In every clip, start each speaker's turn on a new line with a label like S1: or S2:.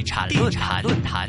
S1: 地產論壇論壇，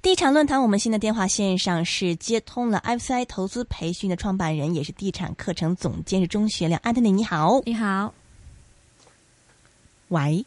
S1: 地產論壇，我們新的電話線上是接通了 F C I 投資培訓的創辦人，也是地產課程總監是鐘學良，Anthony，你好，你好，喂。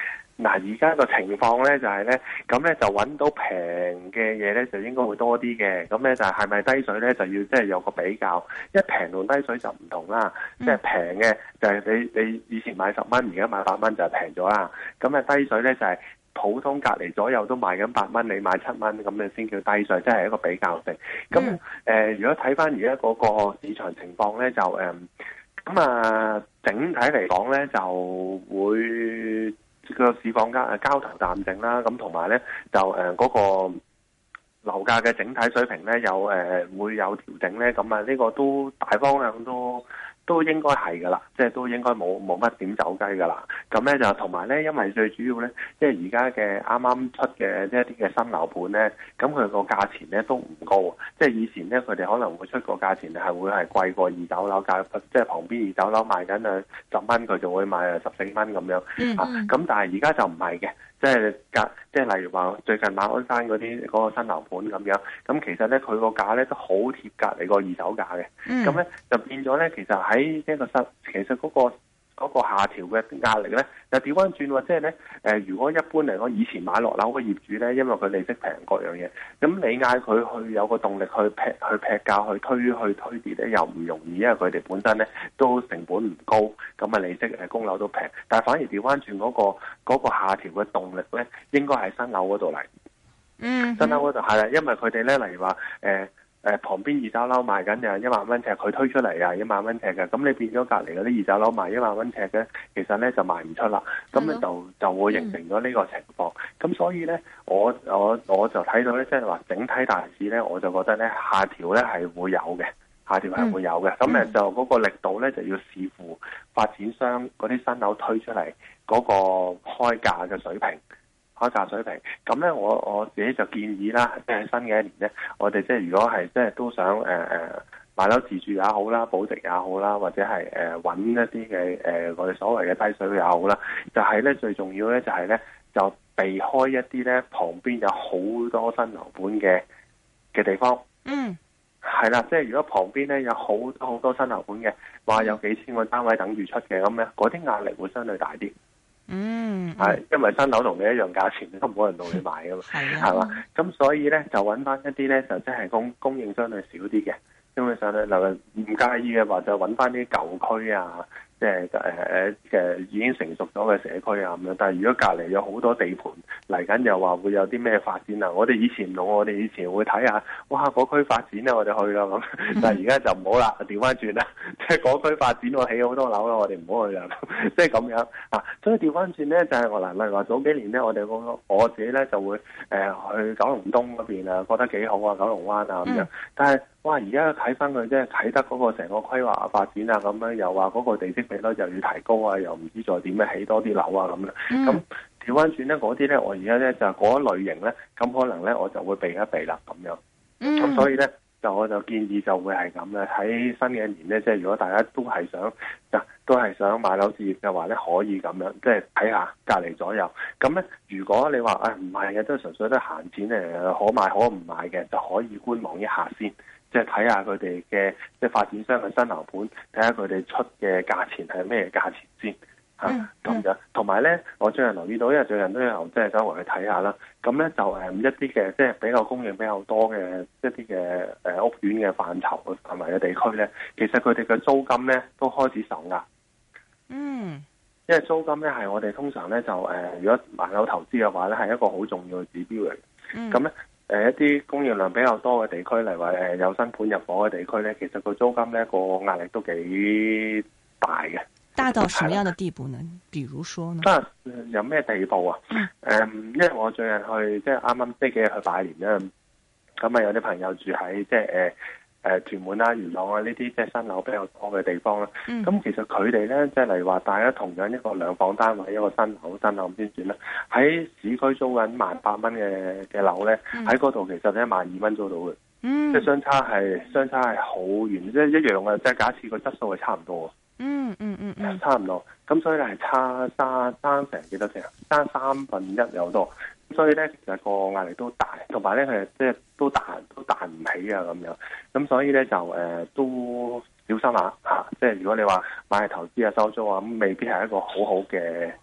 S2: 嗱，而家個情況咧就係咧，咁咧就揾到平嘅嘢咧，就應該會多啲嘅。咁咧就係咪低水咧，就要即係有個比較，一平同低水就唔同啦。即係平嘅就係你你以前買十蚊，而家買八蚊就係平咗啦。咁啊低水咧就係普通隔離左右都賣緊八蚊，你買七蚊咁你先叫低水，即係一個比較性。咁誒，如果睇翻而家嗰個市場情況咧，就誒咁啊，整體嚟講咧就會。市交交那個市況價誒交投淡靜啦，咁同埋咧就誒嗰個樓價嘅整體水平咧有誒、呃、會有調整咧，咁啊呢個都大方向都。都應該係噶啦，即係都應該冇冇乜點走雞噶啦。咁咧就同埋咧，因為最主要咧，即係而家嘅啱啱出嘅呢一啲嘅新樓盤咧，咁佢個價錢咧都唔高。即係以前咧，佢哋可能會出個價錢係會係貴過二手樓價，即係旁邊二手樓賣緊兩十蚊，佢就會賣十四蚊咁樣、mm hmm. 啊。咁但係而家就唔係嘅。即係隔，即係例如話最近馬鞍山嗰啲嗰個新樓盤咁樣，咁其實咧佢個價咧都好貼隔離個二手價嘅，咁咧、mm. 就變咗咧其實喺呢個新，其實嗰個。嗰個下調嘅壓力咧，又調翻轉或者係咧，誒、呃，如果一般嚟講，以前買落樓嘅業主咧，因為佢利息平各樣嘢，咁你嗌佢去有個動力去劈去劈價去推去推跌咧，又唔容易，因為佢哋本身咧都成本唔高，咁啊利息誒供樓都平，但係反而調翻轉嗰、嗰個嗰個下調嘅動力咧，應該喺新樓嗰度嚟，嗯，新樓嗰度係啦，因為佢哋咧，例如話誒。呃誒旁邊二手樓賣緊就係一萬蚊尺，佢推出嚟啊一萬蚊尺嘅，咁你變咗隔離嗰啲二手樓賣一萬蚊尺咧，其實咧就賣唔出啦，咁咧就就會形成咗呢個情況。咁的所以咧，我我我就睇到咧，即係話整體大市咧，我就覺得咧下調咧係會有嘅，下調係會有嘅。咁誒的就嗰個力度咧就要視乎發展商嗰啲新樓推出嚟嗰個開價嘅水平。水平咁咧，我我自己就建議啦，即係新嘅一年咧，我哋即係如果係即係都想誒誒、呃、買樓自住也好啦，保值也好啦，或者係誒揾一啲嘅我哋所謂嘅低水位也好啦，就係、是、咧最重要咧就係咧就避開一啲咧旁邊有好多新樓盤嘅嘅地方。嗯，係啦，即、就、係、是、如果旁邊咧有好多好多新樓盤嘅話，有幾千個單位等住出嘅咁咧，嗰啲壓力會相對大啲。嗯，係、嗯，因為新樓同你一樣價錢，都冇人同你買噶嘛，係嘛，啊，咁所以咧就揾翻一啲咧就即係供供應相對少啲嘅，基本上咧就唔介意嘅話就揾翻啲舊區啊。即係誒誒嘅已經成熟咗嘅社區啊咁樣，但係如果隔離有好多地盤嚟緊，又話會有啲咩發展啊？我哋以前，我哋以前會睇下，哇，嗰區發展啊，我哋去啦咁，但係而家就唔好啦，調翻轉啦，即係嗰區發展，我起好多樓啦，我哋唔好去啦，即係咁樣啊。所以調翻轉咧，就係我嗱，例如話早幾年咧，我哋我我自己咧就會誒去九龍東嗰邊啊，覺得幾好啊，九龍灣啊咁樣，但係哇，而家睇翻佢即係睇得嗰個成個規劃發展啊，咁樣又話嗰個地又要提高啊，又唔知再點樣起多啲樓啊咁啦。咁調翻轉咧，嗰啲咧，我而家咧就係嗰類型咧，咁可能咧，我就會避一避啦咁樣。咁、mm. 所以咧。就我就建議就會係咁啦，喺新嘅一年咧，即係如果大家都係想，嗱都係想買樓置業嘅話，嘅話咧可以咁樣，即係睇下隔離左右。咁咧，如果你話唔係嘅，都、哎、係純粹都閒錢可買可唔買嘅，就可以觀望一下先，即係睇下佢哋嘅即係發展商嘅新樓盤，睇下佢哋出嘅價錢係咩價錢先。咁樣，同埋咧，我最近留意到，因為最近都有即係周圍去睇下啦。咁咧就誒一啲嘅即係比較供應比較多嘅一啲嘅誒屋苑嘅範疇同埋嘅地區咧，其實佢哋嘅租金咧都開始受壓。嗯，
S1: 因
S2: 為租金咧係我哋通常咧就誒，如果買樓投資嘅話咧，係一個好重要嘅指標嚟。咁咧誒一啲供應量比較多嘅地區嚟話，誒有新盤入伙嘅地區咧，其實個租金咧個壓力都幾大嘅。
S1: 大到什麼樣嘅地步呢？的比如說
S2: 呢？有咩地步啊？誒、嗯，嗯、因為我最近去即係啱啱即幾日去拜年啦，咁啊有啲朋友住喺即係誒誒屯門啦、啊、元朗啊呢啲即係新樓比較多嘅地方啦。咁、嗯嗯、其實佢哋呢，即、就、係、是、例如話大家同樣一個兩房單位一個新樓新樓先算啦。喺市區租緊萬八蚊嘅嘅樓咧，喺嗰度其實一萬二蚊租到嘅、嗯，即係相差係相差係好遠，即係一樣嘅，即係假設個質素係差唔多。嗯嗯嗯，嗯嗯差唔多，咁所以咧係差三三成幾多成，差三分一有多，所以咧其實個壓力都大，同埋咧佢即係都彈都彈唔起啊咁樣，咁所以咧就誒、呃、都小心下吓，即、啊、係、就是、如果你話買投資啊收租啊，咁未必係一個好好嘅，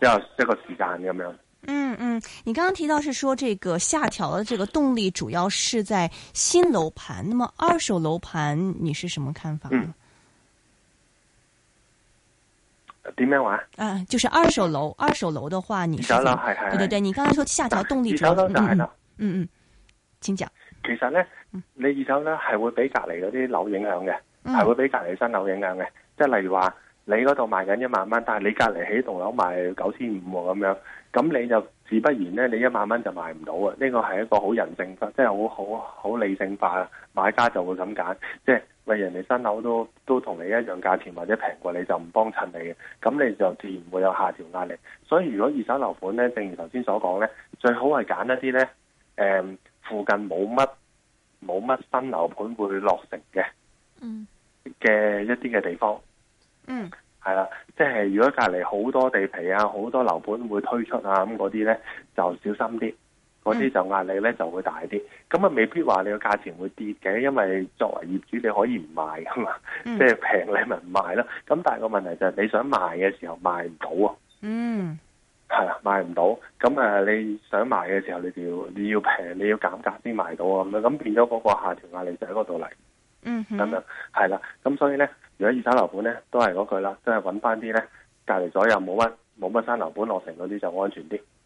S2: 即係一個時間咁樣。嗯
S1: 嗯，你剛剛提到是說這個下調的這個動力主要是在新樓盤，那麼二手樓盤你是什麼看法呢？嗯點樣話？啊，就是二手樓，二手樓的話，你是二手樓係係對對對，是你剛才說下調動力調嗯嗯，嗯，請講。
S2: 其實咧，你二手咧係會俾隔籬嗰啲樓影響嘅，係、嗯、會俾隔籬新樓影響嘅，即係例如話你嗰度賣緊一萬蚊，但係你隔籬起棟樓賣九千五喎咁樣，咁你就自不然咧，你一萬蚊就賣唔到啊！呢、這個係一個好人性化，即係好好好理性化，買家就會咁揀，即係。喂，人哋新樓都都同你一樣價錢，或者平過你就唔幫襯你嘅，咁你就自然會有下調壓力。所以如果二手樓盤呢，正如頭先所講呢，最好係揀一啲呢、誒、附近冇乜冇乜新樓盤會落成嘅，嗯嘅一啲嘅地方，嗯，係啦，即係如果隔離好多地皮啊，好多樓盤會推出啊，咁嗰啲呢，就小心啲。嗰啲就壓力咧就會大啲，咁啊未必話你個價錢會跌嘅，因為作為業主你可以唔賣啊嘛，即係平你咪唔賣啦。咁但係個問題就係你想賣嘅時候賣唔到啊。嗯，係啦，賣唔到。咁誒你想賣嘅時候，你就要你要平你要減價先賣到啊咁樣。咁變咗嗰個下調壓力就喺嗰度嚟。嗯，
S1: 咁樣
S2: 係啦。咁所以咧，如果二手樓盤咧都係嗰句啦，都係揾翻啲咧隔離左右冇乜冇乜新樓盤落成嗰啲就安全啲。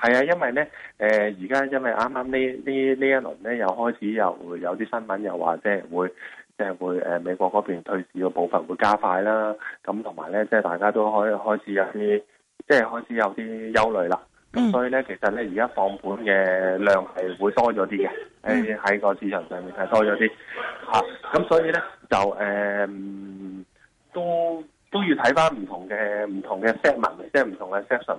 S2: 係啊，因為咧，誒而家因為啱啱呢呢呢一輪咧，又開始又會有啲新聞又話，即係會，即係會誒美國嗰邊退市嘅部分會加快啦。咁同埋咧，即係大家都可以開始有啲，即係開始有啲憂慮啦。咁所以咧，其實咧而家放盤嘅量係會多咗啲嘅。嗯，喺個市場上面係多咗啲嚇。咁所以咧就誒、呃，都都要睇翻唔同嘅唔同嘅 segment，即係唔同嘅 section。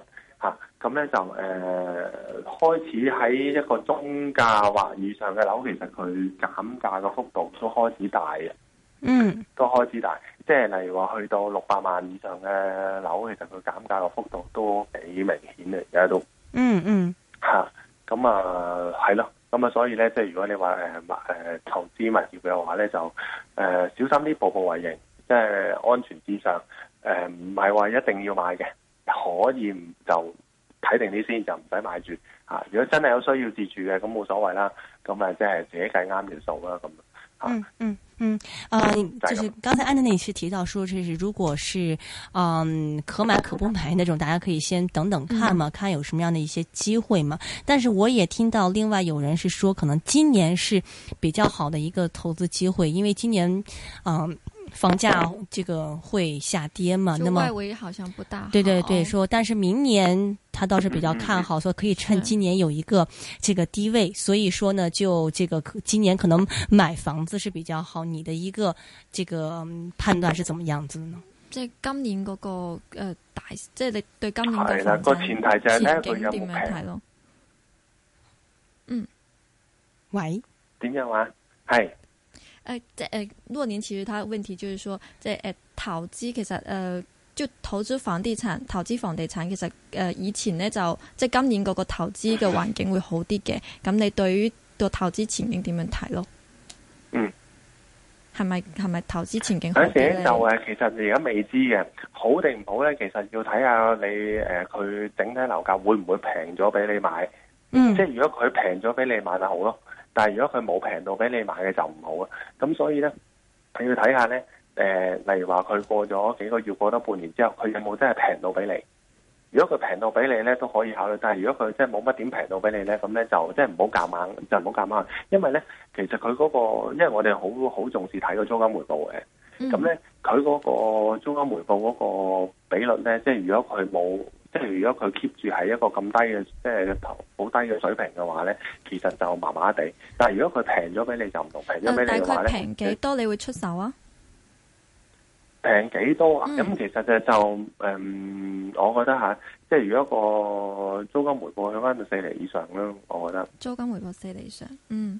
S2: 咁咧、啊、就誒、呃、開始喺一個中價或以上嘅樓，其實佢減價嘅幅度都開始大嘅。嗯，都開始大，即係例如話去到六百萬以上嘅樓，其實佢減價嘅幅度都幾明顯嘅，而家都嗯嗯嚇，咁啊係咯，咁啊對所以咧，即係如果你話誒、呃、投資物業嘅話咧，就誒、呃、小心啲步步為營，即、就、係、是、安全至上。誒唔係話一定要買嘅。可以就睇定啲先，就唔使買住啊！如果真係有需要自住嘅，咁冇所謂啦。咁啊，即係自己計啱條數啦。咁嗯嗯嗯，啊，
S1: 就是剛、嗯就是、才 Anthony 是提到說，就是如果是嗯可買可不買那種，大家可以先等等看嘛，嗯、看有什麼樣的一些機會嘛。但是我也聽到另外有人是說，可能今年是比較好的一個投資機會，因為今年嗯。房價這個會下跌嘛？那麼外
S3: 圍好像不大。對對
S1: 對說，說但是明年他倒是比較看好，說、嗯嗯、可以趁今年有一個這個低位，嗯、所以說呢，就這個今年可能買房子是比較好。你的一個這個、嗯、判斷是怎麼樣子呢？
S3: 即今年嗰、那個誒、呃、大，即你對今年個房產前景點樣睇咯？嗯，喂 Why?，點樣啊？係。誒，即誒，諾寧其實佢問題就是說，即誒，投資其實，誒，即，投資房地產，投資房地產其實，誒、呃，以前咧就，即今年嗰個投資嘅環境會好啲嘅，咁 你對於個投資前景點樣睇咯？嗯，係咪係咪投資前景好？首先就誒、啊，
S2: 其實你而家未知嘅，好定唔好咧，其實要睇下你誒，佢、呃、整體樓價會唔會平咗俾你買？嗯，即如果佢平咗俾你買就好咯。但係如果佢冇平到俾你買嘅就唔好啦，咁所以咧你要睇下咧，誒，例如話佢過咗幾個月，過多半年之後，佢有冇真係平到俾你？如果佢平到俾你咧，都可以考慮，但係如果佢真係冇乜點平到俾你咧，咁咧就真係唔好夾硬，就唔好夾硬，因為咧其實佢嗰個，因為我哋好好重視睇個租金回報嘅，咁咧佢嗰個租金回報嗰個比率咧，即係如果佢冇。即係如果佢 keep 住喺一個咁低嘅，即係好低嘅水平嘅話咧，其實就麻麻地。但係如果佢平咗俾你，就唔同。啊、平咗俾你嘅話咧，平幾
S3: 多你會出手啊？
S2: 平幾多啊？咁、嗯嗯、其實就誒，我覺得吓，即係如果個租金回報喺翻到四厘以上咧，我覺得
S3: 租金回報四厘以上，嗯。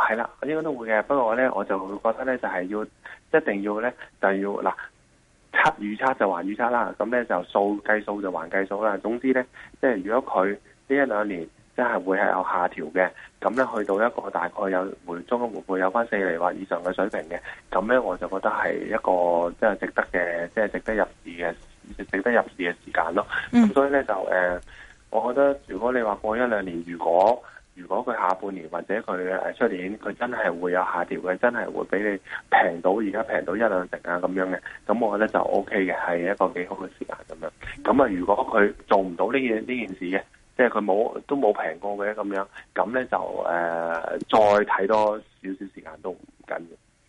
S2: 係啦，應該都會嘅。不過咧，我就覺得咧，就係要一定要咧，就要嗱，測預測就還預測啦。咁咧就數計數就還計數啦。總之咧，即係如果佢呢一兩年真係會係有下調嘅，咁咧去到一個大概有回中回會有返四厘或以上嘅水平嘅，咁咧我就覺得係一個即係值得嘅，即係值得入市嘅，值得入市嘅時間咯。咁、嗯、所以咧就誒，我覺得如果你話過一兩年如果。如果佢下半年或者佢、誒出年，佢真係會有下調嘅，真係會俾你平到而家平到一兩成啊咁樣嘅，咁我覺得就 OK 嘅，係一個幾好嘅時間咁樣，咁啊，如果佢做唔到呢、嘢、呢件事嘅，即係佢冇都冇平過嘅咁樣，咁咧就誒、呃、再睇多少少時間都唔緊要。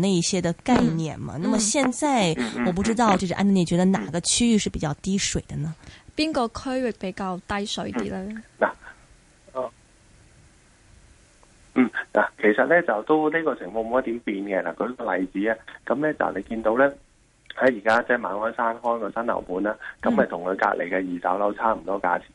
S1: 那一些的概念嘛，嗯嗯、那麼現在我不知道，就是安妮你覺得哪個區域是比較低水的呢？
S3: 邊個區域比較低水啲呢？嗱、
S1: 嗯啊，嗯，嗱、啊，其實呢，就都呢個情
S2: 況冇乜點變嘅。嗱，舉個例子啊，咁、嗯、呢，就你見到呢，喺而家即係馬鞍山開個新樓盤啦，咁咪同佢隔籬嘅二手樓差唔多價錢。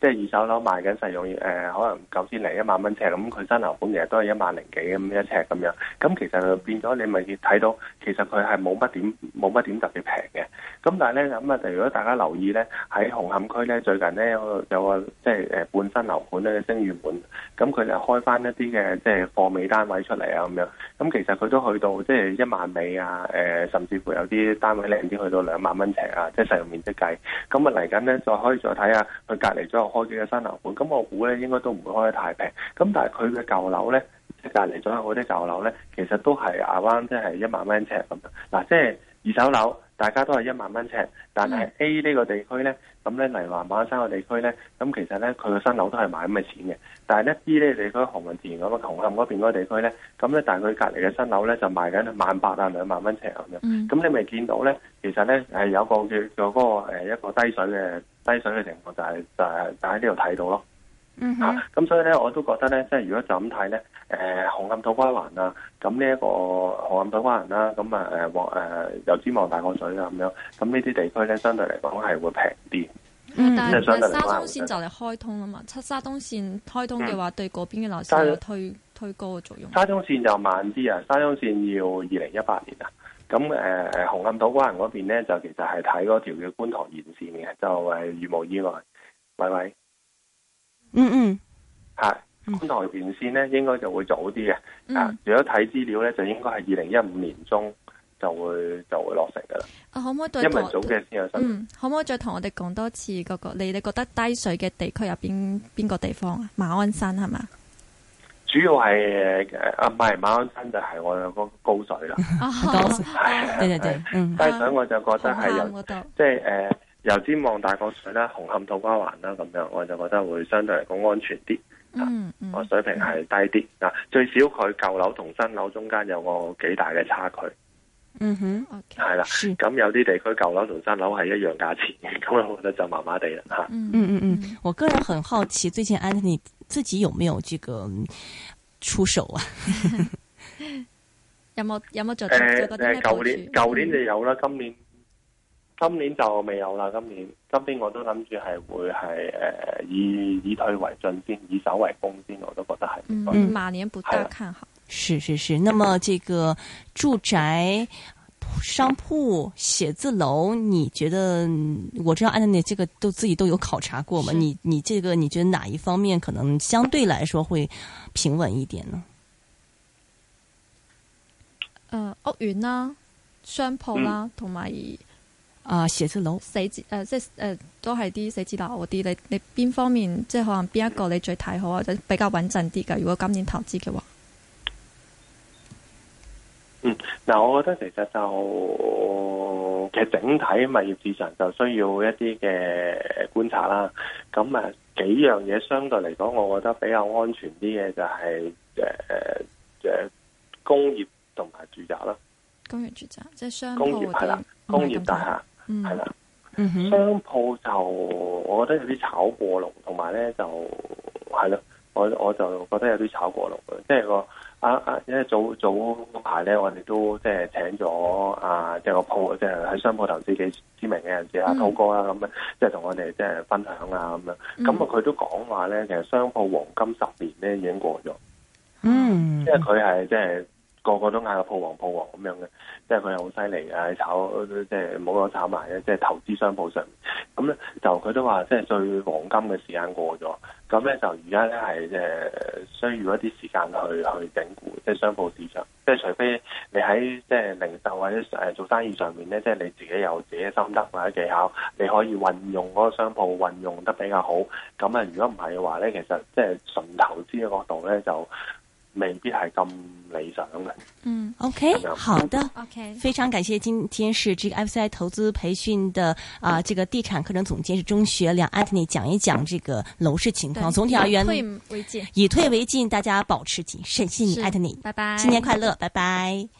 S2: 即係二手樓賣緊實用，誒，可能九千零一萬蚊尺咁，佢新樓盤其實都係一萬零幾咁一尺咁樣。咁其實變咗你咪要睇到，其實佢係冇乜點冇乜點特別平嘅。咁但係咧咁啊，就如果大家留意咧，喺紅磡區咧最近咧有個即係誒半新樓盤咧升完盤，咁佢就開翻一啲嘅即係貨尾單位出嚟啊咁樣。咁其實佢都去到即係一萬尾啊，誒、呃、甚至乎有啲單位靚啲去到兩萬蚊尺啊，即係實用面積計。咁啊嚟緊咧再可以再睇下佢隔離咗開嘅新樓盤，咁我估咧應該都唔會開得太平。咁但係佢嘅舊樓咧，即係隔離咗好啲舊樓咧，其實都係亞灣，即係一萬蚊尺咁樣。嗱，即係二手樓大家都係一萬蚊尺，但係 A 呢個地區咧，咁咧嚟話馬鞍山個地區咧，咁其實咧佢嘅新樓都係賣咁嘅錢嘅。但係咧 B 呢個地區，何文田嗰個紅磡嗰邊嗰個地區咧，咁咧但係佢隔離嘅新樓咧就賣緊萬八啊兩萬蚊尺咁樣。咁你咪見到咧，其實咧係有個叫做嗰、嗰個一個低水嘅。低水嘅情況就係、是、就係就喺呢度睇到咯，
S1: 咁、嗯
S2: 哼啊、所以咧我都覺得咧，即係如果就咁睇咧，誒、呃，紅磡土瓜灣啊，咁呢一個紅磡土瓜灣啦、啊，咁啊誒，誒油尖旺大個水啊咁樣，咁呢啲地區咧相對嚟講係會平啲。嗯，
S3: 但係沙中綫就嚟開通啦嘛，七沙東綫開通嘅話，對嗰邊嘅樓市有推、嗯、推，推高嘅作用。沙
S2: 中綫就慢啲啊，沙中綫要二零一八年啊。咁誒誒紅磡土瓜灣嗰邊咧，就其實係睇嗰條嘅觀塘沿線嘅，就係如、啊、無意外，喂喂，
S1: 嗯嗯，
S2: 嚇、啊、觀塘沿線咧，應該就會早啲嘅。嗯、啊，如果睇資料咧，就應該係二零一五年中就會就會落成噶啦。啊，
S3: 可唔可、嗯、可，可以再一唔早嘅先有新聞？嗯，可唔可以再同我哋講多次嗰、那個、你哋覺得低水嘅地區入邊邊個地方啊？馬鞍山係嘛？
S2: 主要係誒啊，唔係馬鞍山就係我有個高水啦，係係係。低、嗯、水我就覺得係有即係誒，由、就是呃、尖旺大角水啦，紅磡土瓜灣啦咁樣，我就覺得會相對嚟講安全啲、嗯。
S1: 嗯
S2: 水平係低啲嗱。嗯、最少佢舊樓同新樓中間有個幾大嘅差距。嗯哼，係、okay, 啦是，咁有啲地區舊樓同新樓係一樣價錢，咁我覺得就麻麻地啦。嗯嗯
S1: 嗯，我個人很好奇，最近 Anthony 自己有冇有這個出手啊？
S3: 有冇有冇做？誒誒、呃，舊、呃、年舊年就
S2: 有啦，今年今年就未有啦。今年今年我都諗住係會係誒、呃、以以退為進先，以守為攻先，我都覺得係。嗯，得
S1: 馬年不大看好。是是是，那麼這個住宅。商鋪、寫字樓，你覺得我知道 Anthony 你這個都自己都有考察過嘛？是你你這個你覺得哪一方面可能相對來說會平穩一點呢？
S3: 呃，屋苑啦、啊，商鋪啦、啊，同埋啊寫字樓。
S1: 寫字樓，
S3: 呃，即係呃，都係啲寫字樓啲。你你邊方面即係可能邊一個你最睇好或者比較穩陣啲噶？如果今年投資嘅話。
S2: 嗱，我覺得其實就其實整體物業市場就需要一啲嘅觀察啦。咁啊，幾樣嘢相對嚟講，我覺得比較安全啲嘅就係誒誒工業同埋住宅啦。
S3: 工業住宅即係商鋪，工業，係啦，
S2: 工業大廈係、嗯、啦。嗯、
S3: 哼商
S2: 鋪就我覺得有啲炒過龍，同埋咧就係咯。我我就覺得有啲炒過龍嘅，即係個啊啊，因為早早排咧，我哋都即係請咗啊，即、就、係、是、個鋪，即係喺商鋪投資幾知名嘅人士啊，濤、嗯、哥啦咁樣，即係同我哋即係分享啊咁樣。咁啊，佢都講話咧，其實商鋪黃金十年咧已經過咗，嗯，是即係佢係即係。個個都嗌個鋪王鋪王咁樣嘅，即係佢又好犀利啊！炒即係冇咗炒埋即係投資商鋪上面。咁咧就佢都話，即係最黃金嘅時間過咗，咁咧就而家咧係即係需要一啲時間去去整固，即係商鋪市場。即係除非你喺即係零售或者誒做生意上面咧，即係你自己有自己心得或者技巧，你可以運用嗰個商鋪運用得比較好。咁啊，如果唔係嘅話咧，其實即係純投資嘅角度咧就。未必係
S1: 咁理想嘅。嗯，OK，樣好的，OK，非常感謝，今天是這個 F C I 投資培訓的啊、呃，這個地產課程總監是鐘學良 Anthony 講一講這個樓市情況。總體而言，以退為進，對以退為進，大家保持謹慎，信 Anthony 拜拜，新年快樂，拜拜。拜拜